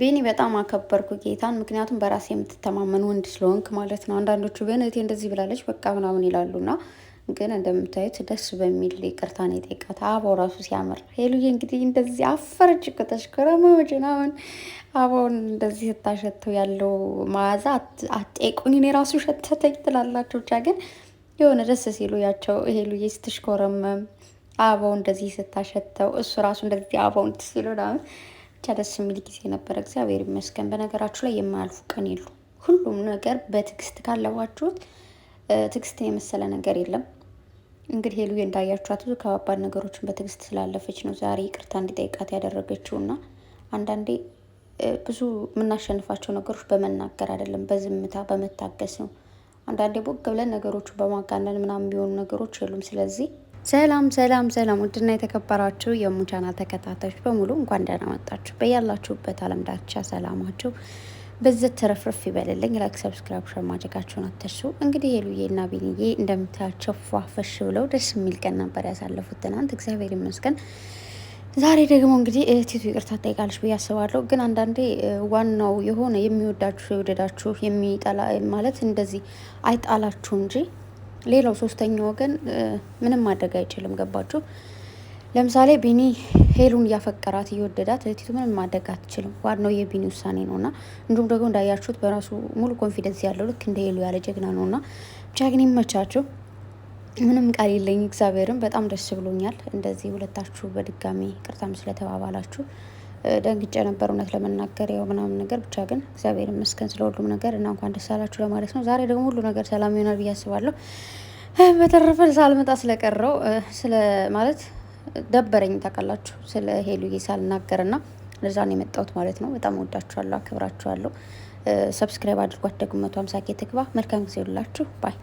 ቤኒ በጣም አከበርኩ ጌታን። ምክንያቱም በራሴ የምትተማመን ወንድ ስለሆንክ ማለት ነው። አንዳንዶቹ ግን እቴ እንደዚህ ብላለች በቃ ምናምን ይላሉና ግን እንደምታዩት ደስ በሚል ይቅርታ ነው የጠየቃት። አበባው ራሱ ሲያምር ሄሉዬ እንግዲህ እንደዚህ አፈረች እኮ ተሽከረመች ምናምን አበባውን እንደዚህ ስታሸተው ያለው መዓዛ አጤቁኝ እኔ ራሱ ሸተተኝ ትላላቸው። ብቻ ግን የሆነ ደስ ሲሉ ያቸው ሄሉዬ ስትሽኮረመም አበባው እንደዚህ ስታሸተው እሱ ራሱ እንደዚህ አበባውን ትስሉ ምናምን ብቻ ደስ የሚል ጊዜ ነበረ። እግዚአብሔር ይመስገን። በነገራችሁ ላይ የማያልፉ ቀን የሉ። ሁሉም ነገር በትዕግስት ካለባችሁት ትዕግስትን የመሰለ ነገር የለም። እንግዲህ ሄሉ እንዳያችኋት ብዙ ከባባድ ነገሮችን በትዕግስት ስላለፈች ነው ዛሬ ይቅርታ እንዲጠይቃት ያደረገችው እና አንዳንዴ ብዙ የምናሸንፋቸው ነገሮች በመናገር አይደለም፣ በዝምታ በመታገስ ነው። አንዳንዴ ቦግ ብለን ነገሮቹ በማጋነን ምናምን የሚሆኑ ነገሮች የሉም። ስለዚህ ሰላም ሰላም ሰላም! ውድና የተከበራችሁ የሙ ቻናል ተከታታዮች በሙሉ እንኳን ደህና መጣችሁ። በያላችሁበት አለም ዳርቻ ሰላማችሁ በዘት ተረፍርፍ ይበልልኝ። ላይክ፣ ሰብስክራይብ፣ ሸር ማድረጋችሁን አትርሱ። እንግዲህ ሄሉዬና ቢንዬ እንደምታያቸው ፏፈሽ ብለው ደስ የሚል ቀን ነበር ያሳለፉት ትናንት፣ እግዚአብሔር ይመስገን። ዛሬ ደግሞ እንግዲህ እህቲቱ ይቅርታ ጠይቃለች ብዬ አስባለሁ። ግን አንዳንዴ ዋናው የሆነ የሚወዳችሁ የወደዳችሁ የሚጠላ ማለት እንደዚህ አይጣላችሁ እንጂ ሌላው ሶስተኛ ወገን ምንም ማድረግ አይችልም። ገባችሁ? ለምሳሌ ቢኒ ሄሉን እያፈቀራት እየወደዳት እህቲቱ ምንም ማድረግ አትችልም። ዋናው የቢኒ ውሳኔ ነው እና እንዲሁም ደግሞ እንዳያችሁት በራሱ ሙሉ ኮንፊደንስ ያለው ልክ እንደ ሄሉ ያለ ጀግና ነው እና ብቻ ግን ይመቻችሁ። ምንም ቃል የለኝ። እግዚአብሔርም በጣም ደስ ብሎኛል። እንደዚህ ሁለታችሁ በድጋሚ ቅርታም ስለተባባላችሁ ደንግጬ ነበር እውነት ለመናገር ያው ምናምን ነገር ብቻ ግን እግዚአብሔር ይመስገን ስለ ሁሉም ነገር እና እንኳን ደስ አላችሁ ለማለት ነው። ዛሬ ደግሞ ሁሉ ነገር ሰላም ይሆናል ብዬ አስባለሁ። በተረፈ ሳልመጣ ስለቀረው ስለ ማለት ደበረኝ ታውቃላችሁ፣ ስለ ሄሉዬ ሳልናገር ና ለዛን ነው የመጣሁት ማለት ነው። በጣም ወዳችኋለሁ፣ አክብራችኋለሁ። ሰብስክራይብ አድርጓት ደግሞ መቶ ሀምሳ ኬ ትግባ። መልካም ጊዜ ሁላችሁ ባይ